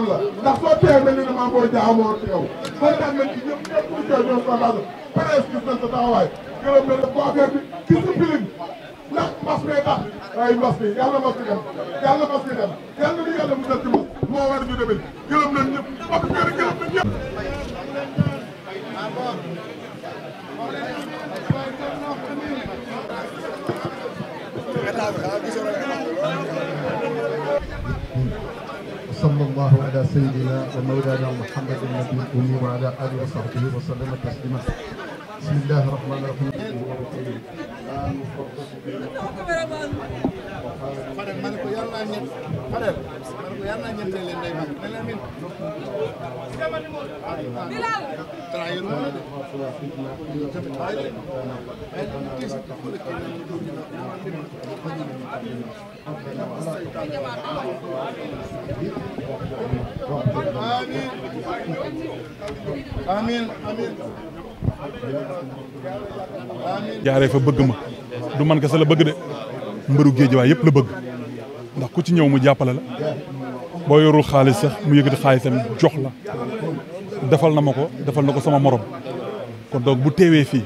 man la ndax soo teew mel ni damaa boo jaamoo ci yow kontaan nañ ci ñoom ñëpp ñu koy ñoom kontaan presque gis nañ sa taxawaay gërëm na bu affaire bi discipline ndax mbas mee tax waaye mbas bi yàlla mbas bi dem yàlla mbas bi dem yàlla ni yàlla mu ci mbas moo war ñu demee gërëm nañ ñëpp mbas bi gërëm nañ ñëpp Thank you. sallallahu ala sayyidina wa mawlana muhammadin nabiyil ummi wa ala alihi wa sahbihi wa sallama taslima bismillahi rahmani rahim naa ñett xaleel man ko yàlla naa ñettee jaaree fa bëgg ma du man kese la bëgg de mbëru géej waay yëpp la bëgg ndax ku ci ñëw mu jàppale la boo yorul xaalis sax mu yëkkati xaalisam jox la defal na ma ko defal na ko sama morom kon donc bu teewee fii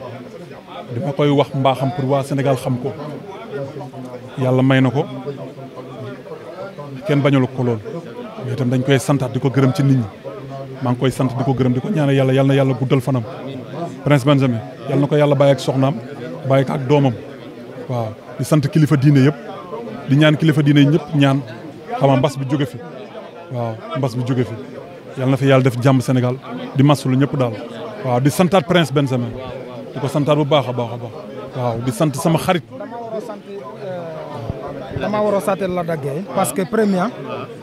dama koy wax mbaaxam pour waa senegal xam ko yàlla may na ko kenn bañalu ko lool mais itam dañ koy santaat di ko gërëm ci nit ñi maa ngi koy sant di ko gërëm di ko ñaanal yàlla yàlla na yàlla guddal fanam Prince Benjamin yàlla na ko yàlla bàyyi ak soxnaam bàyyi ko ak doomam waaw di sant kilifa diine yëpp di ñaan kilifa diine ñëpp ñaan xama mbas bi jóge fi waaw mbas bi jóge fi yàlla na fi yàlla def jàmm senegal di masulu ñëpp daal waaw di santaat Prince Benjamin di ko santaat bu baax a baax a baax waaw di sant sama xarit dama war a sant la daggee parce que premier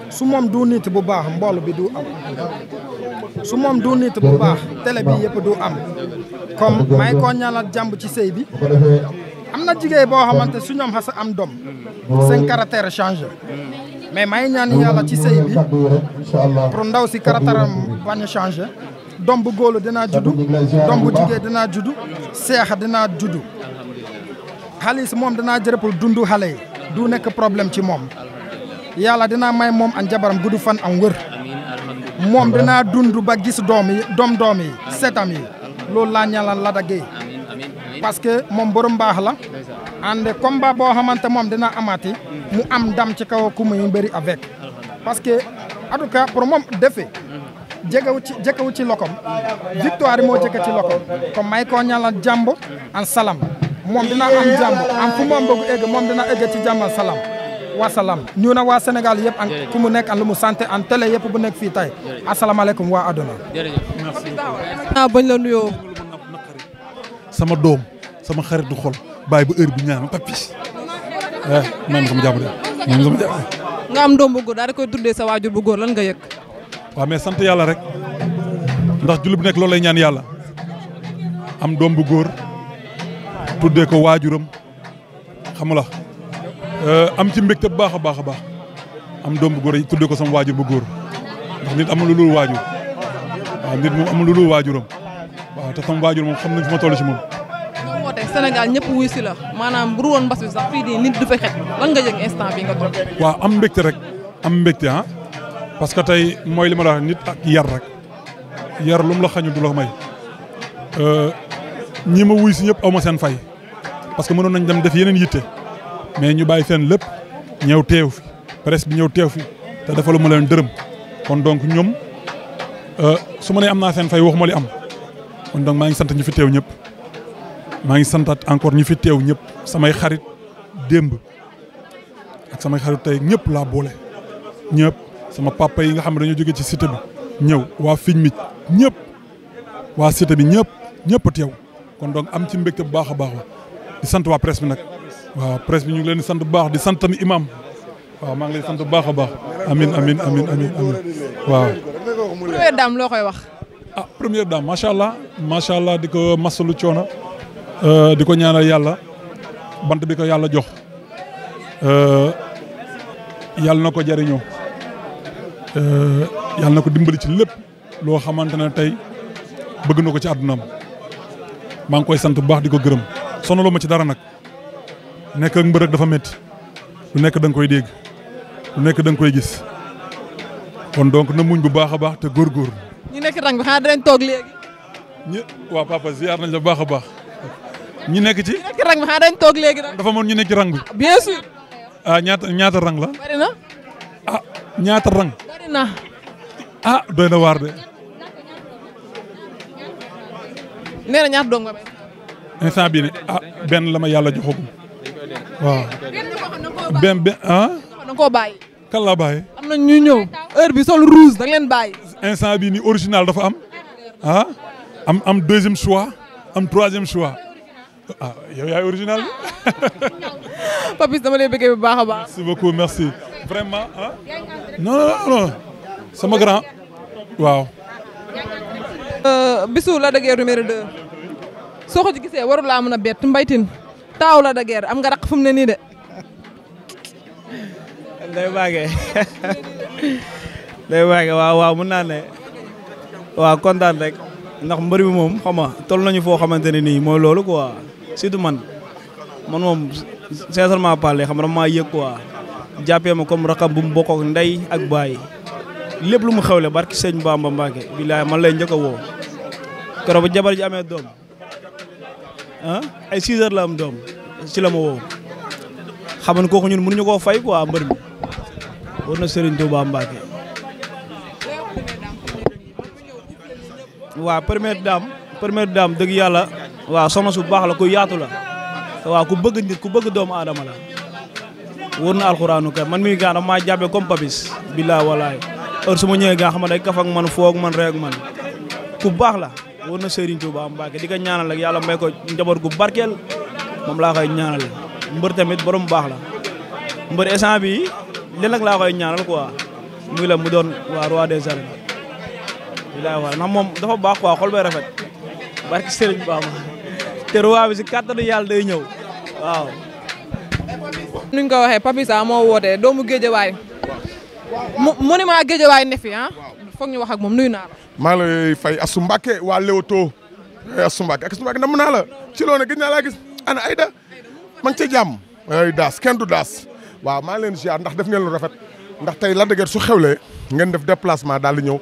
su moom du nit bu baax mbool bi du am su moom du nit bu baax télé bi yëpp du am comme may ko ñaanal jàmm ci sëy bi am na jigéen boo xamante su ñoom xasa am doom seen caractère changé mais may ñaan yàlla ci sëy bi pour ndaw si caractère bañ a changé doom bu góolu dinaa juddu doom bu jigéen dinaa juddu seex dinaa juddu xaalis moom dinaa jërë pour dundu xale yi du nekk problème ci moom yàlla dinaa may moom am jabaram gudd fan am wër moom dinaa dund ba gis doom yi doom yi setam yi loolu laa ñalan la daggee parce que moom borom baax la ànd combat boo xamante moom dina amati mu am dam ci kaw ku muy bëri avec parce que en tout cas pour moom defe jegewu ci jekkewu ci lokom victoire moo jëkke ci lokom comme may koo ñaanal jàmb an salam moom dina am jàmb am fu moom bëgg egg moom dina egg ci jàmb an salam wasalaam ñu na waa senegal yëpp ak ku mu nekk ak lu mu sant en télé yëpp bu nekk fii tey asalaamaaleykum waa àdduna. jërëjëf merci la nuyoo. sama doom. sama xarit du xol baay ba heure bi ñaan papis waaw man sama jàmm de nga am doom bu góor daal di koy tuddee sa waajur bu góor lan nga yëg. waaw mais sant yàlla rek ndax jullit bu nekk loolu lay ñaan yàlla am doom bu góor tuddee ko waajuram xam la eh, am ci mbégte baax a baax baax am doom bu góor yi tuddee ko sama waajur bu góor ndax nit amul lu dul waajur waaw nit moom amul lu lu waajuram waaw te sama waajur moom xam nañ fi ma toll si moom. Sénégal ñëpp wuy si la maanaam bu dul woon mbas bi sax fii nii nit du fi lan nga yëg instant bi nga toog. waaw am mbégte rek am mbégte ah parce que tey mooy li ma la wax nit ak yar rek yar lu mu la xañu du la may euh, ñi ma wuy si ñëpp aw ma seen fay parce que mënoon nañ dem def yeneen yitte mais ñu bàyyi seen lépp ñëw teew fi presse bi ñëw teew fi te dafa ma leen dërëm kon donc ñoom euh, su ma nee am naa seen fay waxuma li am kon donc maa ngi sant ñu fi teew ñëpp. maa ngi santaat encore ñu fi teew ñëpp samay xarit démb ak samay xarit tey ñëpp laa boole ñëpp sama papa yi nga xam ne dañoo jóge ci cité bi ñëw waa fiñ mi ñëpp waa cité bi ñëpp ñëpp a teew kon donc am ci mbégte bu baax a baaxu di sant waa presse bi nag waaw presse bi ñu ngi leen di sant bu baax di sant tamit imam waaw maa ngi lay sant baax a baax amin amin amin amin amin waaw. première dame loo koy ah, macha allah di ko masalu coono. Euh, di ko ñaanal yàlla bant bi ko yàlla jox euh, yàlla na ko jariñoo euh, yàlla na ko dimbali ci lépp loo xamante ne tey bëgg na ko ci àddunaam maa ngi koy sant bu baax di ko gërëm sono looma ci dara nag nekk ak dafa métti lu nekk da koy dégg lu nekk da koy gis kon donc na muñ bu baax a baax te góorgóorlu. ñi nekk rang bi xanaa dinañ toog léegi. ñi waa papa ziar nañ la bu baax a baax. ñu nekk ci. nekk rang bi xanaa dañ toog léegi nag. dafa moon ñu nekk rang bi. bien sûr. ah ñaata ñaata rang la. bari na. ah ñaata rang. bari ah, doy na waar de. nee na ñaata doom nga bay. instant bii ne ah benn lama ma yàlla joxagum. waaw. benn benn a ah? da nga koo bàyyi. kan laa bàyyi. ñuy ñëw heure bi sol da leen bàyyi. instant bii nii original dafa am ah am am deuxième choix am troisième choix. ah yow yaay original bi. Papis dama lay bu baax a baax. merci beaucoup merci vraiment ah. non sama grand. waaw. Euh, bisu la de Guiers numéro soo ko ci gisee warul laa mën a bett mbaytin taaw Lac de Guiers am nga raq fu mu ne nii de. day waage day waage waaw waaw mën naa ne waaw kontaan rek ndax mbër bi moom xam nga toll nañu foo xamante ne nii mooy loolu quoi. surtout man man moom sincèrement parler xam nga maa yëg quoi jàppee ko mu rakam bu mu bokk ak ndey ak baay lépp lu mu xewle barki sëñ Bamba Mbacke billaay man lay njëkk a woo keroog ba jabar ji amee doom ah ay 6 la am doom ci la ma woo xam nga kooku ñun mënuñu koo fay quoi mbër mi war na Serigne Touba Mbacke. waa première dame première dame dëgg yàlla. waaw soxna su baax la ku yaatu la ku bëgg ku bëgg doomu aadama la wóor na alxuraanu kay man mii gaa dama maa jàppee comme papis billaa walaay heure su ma ñëwee gaa xam ne man foog man rek man ku baax la wóor na Serigne Touba Mbacke di ko ñaanal ak yàlla may ko njaboot gu barkeel moom laa koy ñaanal mbër tamit borom baax la mbër instant bi li nag laa koy ñaanal quoi muy la mu doon waa roi des arènes billaa walaay ndax moom dafa baax quoi xol te roi bi si yàlla day ñëw waaw. nuñ ko waxee Papisa moo woote doomu Géejawaay mu mu ne maa Géejawaay ne fi ah foog ñu wax ak moom nuyu naa la. maa lay fay a Mbacke waa Leewtoo eh, Assou Mbacke ak Assou Mbacke namm naa la ci loolu gis naa laa gis ana Aida ma ngi ca jàmm. ay daas kenn du daas waaw maa leen ziar ndax def ngeen lu rafet ndax tey Lac de Guiers su xewlee ngeen def déplacement daal di ñëw.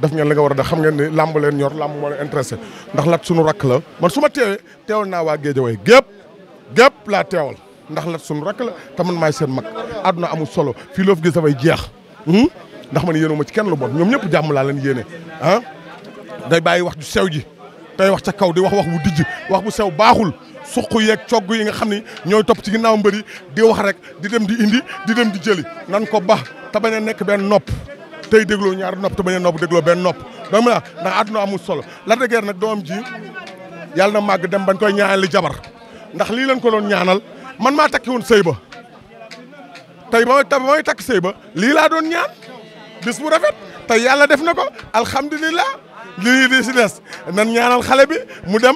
def ngeen li nga war a def xam ngeen ni làmb leen ñor làmb moo leen intéressé ndax lat suñu rakk la man su ma teewee teewal naa waa Géejawaay gépp gépp laa teewal ndax lat suñu rakk la te man maay seen mag àdduna amu solo fii loofu gis dafay jeex hmm? ndax man yéenuma ci kenn lu bon ñoom ñëpp jàmm laa leen yéene ah? day bàyyi wax ju sew ji tey wax ca kaw di wax wax bu dijj wax bu sew baaxul suq yeeg cogg yi nga xam ni ñooy topp ci ginnaaw mbëri di wax rek di dem di indi di dem di jëli nan ko baax te bañ a nekk benn nopp tey déglu ñaar nopp te bañ a nopp dégloo benn nopp donc ma ndax àdduna amul solo Lac de Guiers nag doom ji yàlla na màgg dem bañ koy ñaanal li jabar ndax lii leen ko doon ñaanal man maa takki woon sëy ba tey ba may takk sëy ba lii laa doon ñaan bis bu rafet tey yàlla def na ko alhamdulilah lii di si des nan ñaanal xale bi mu dem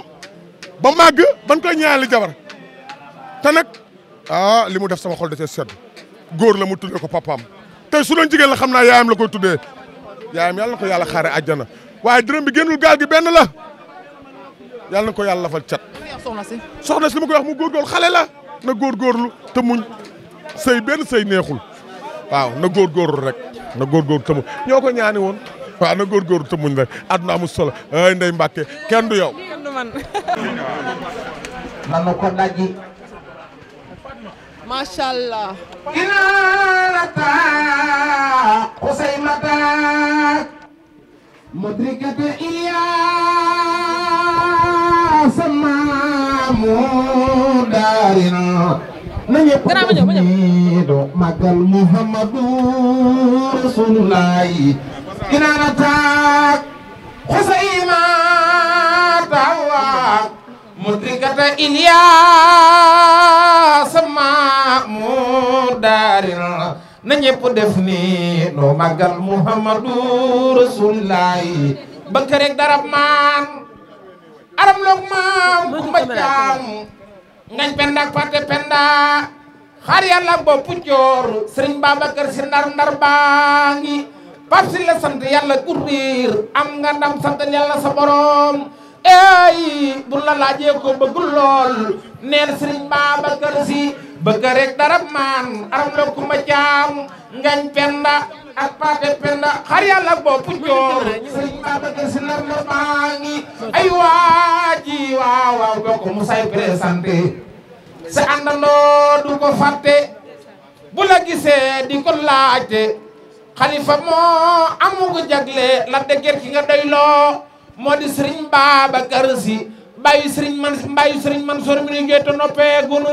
ba màgg ban koy ñaanal li jabar te nag ah li mu def sama xol da cee sedd góor la mu tuddee ko papaam tey su doon jigéen la xam naa yaayam la koy tuddee yaayam yàlla na ko yàlla xaare àjjana waaye dërëm bi génnul gaal gi benn la yàlla na ko yàlla lafal cat. soxna si soxna si li ma koy wax mu góorgóorlu xale la na góorgóorlu te muñ sëy benn sëy neexul waaw na góorgóorlu rek na góorgóorlu te muñ ñoo ko ñaani woon waaw na góor te muñ rek àdduna amul solo ay ndey mbàkke kenn du yow. macha allah. kinaalata xusaymata mudrikata iyaasa maamu daarin na ñëpp do magal muhammadu rasulullahi kinaalata xusaymata مدركة إلياس مأمودار na ñëpp def ni noo màggal Muhammadu Rasulullahi ba kerek darab maan aram loog maam kumba jaam ngañ pendak penda xaar yàlla bopp joor sëriñ Babacar si ndar ndar baa ngi pap si la sant yàlla gurriir am nga ndam sant yàlla sa borom si bu la laajee ko bëggul lool neel Sëriñ Babacar Si bëgg rek dara maan aram la ku jaam ngañ penda ak paate penda xar yàlla boppu joor Sëriñ Babacar Si nar na baa ngi waaji waaw waaw doo ko mu say présenté sa àndandoo du ko fàtte bu la gisee di ko laajte xalifa moo amugu jagle la dëgër ki nga doyloo moo di sëriñ Babacar Si baayu sëriñ man baayu sëriñ Mansour mi nu joyta noppeegunu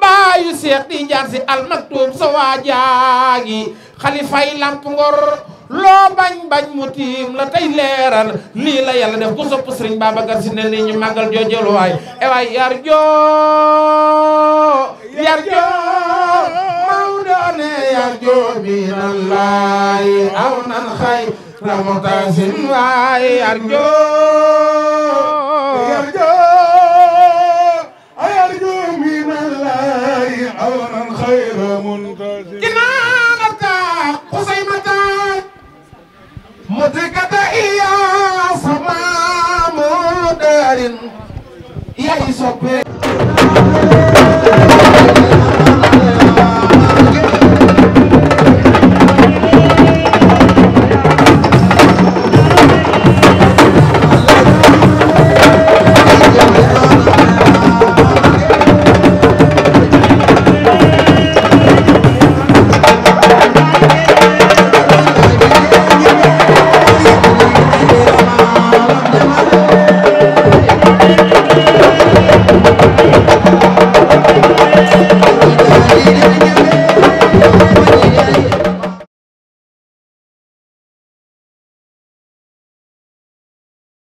baayu Seex Tijaan Si almaktub sa waajaagi xalifay lamp ngor loo bañ bañ mu tiim la tey leeral lii la yàlla def ku sopp sëriñ Babacar Si ne ni ñu màggal joojolu e waay yar joo yar joo maw doone yar joo bi nan aw nan xay ومحتسب واي أرجو أرجو أرجو من الله عورا خير منتظر جنانك قصيمة مدركة إيا صمام دار يا إسوبي